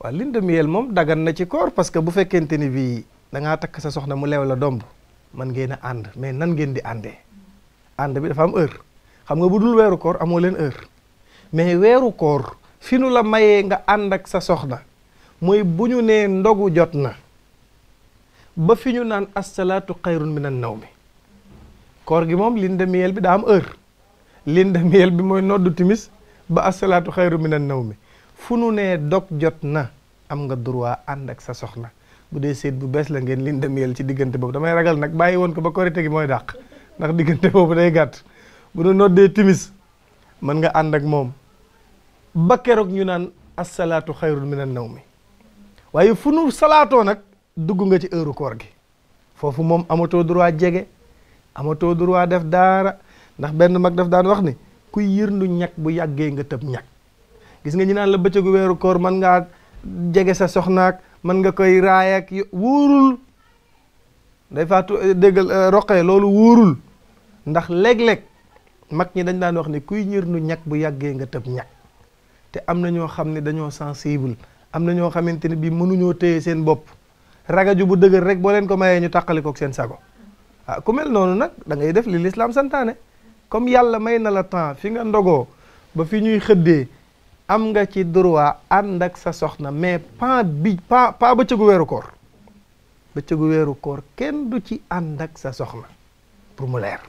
Walin de miel mom dagan na ci koor parce que bu fekkente ni bi da nga tak sa soxna mu lew la domb man ngeena and mais nan ngeen di andé and bi dafa am heure xam nga bu dul weeru koor amo len heure mais wéru koor finu la maye nga and ak sa soxna moy buñu né ndogu jotna ba fiñu nan as-salatu khairun minan naw koor gi mom linde miel bi da am heure linde miel bi moy noddu timis ba as-salatu khairun minan naw Funu ne dok dog jot na am nga droit and ak sa soxna bu dee bu bes la ngeen lin demeel ci digënté bobu damay ragal nak bàyyi won ko ba rété gi moy dakk ndax digënté bobu day gatt bu do noddé timis man nga and ak mom ba kérok ñu naan asalaatu xayrun min an nawmi waye fu salato nak dugg nga ci heure koor gi fofu mom amato droit djégé amato droit def dara ndax benn mag daf daan wax ni ku yërndu ñak bu yàggee nga tepp ñak gis nga ñu naan la bëccëgu weeru koor man ngaa jege sa soxnaak man nga koy raayak wóorul day faatu eh, déggal eh, roqee loolu wóorul ndax léeg-léeg mag ñi dañ daan wax ne kuy ñir nu ñag bu yàggee nga tëb ñag te am na ñoo xam ne dañoo sensible am na ñoo xamante ne bii mënuñoo téye seen bopp ragaju bu dëgër rek boo leen ko mayee ñu tàqalikook seen sago ah ku mel noonu nag dangay def li lislaam santaane comme yàlla may na la temps fi nga ndogoo ba fi ñuy xëddee am nga ci droit ànd ak sa soxna mais pas bi pas pas bëccëgu weeru koor bëccëgu weeru koor kenn du ci ànd ak sa soxna pour mu leer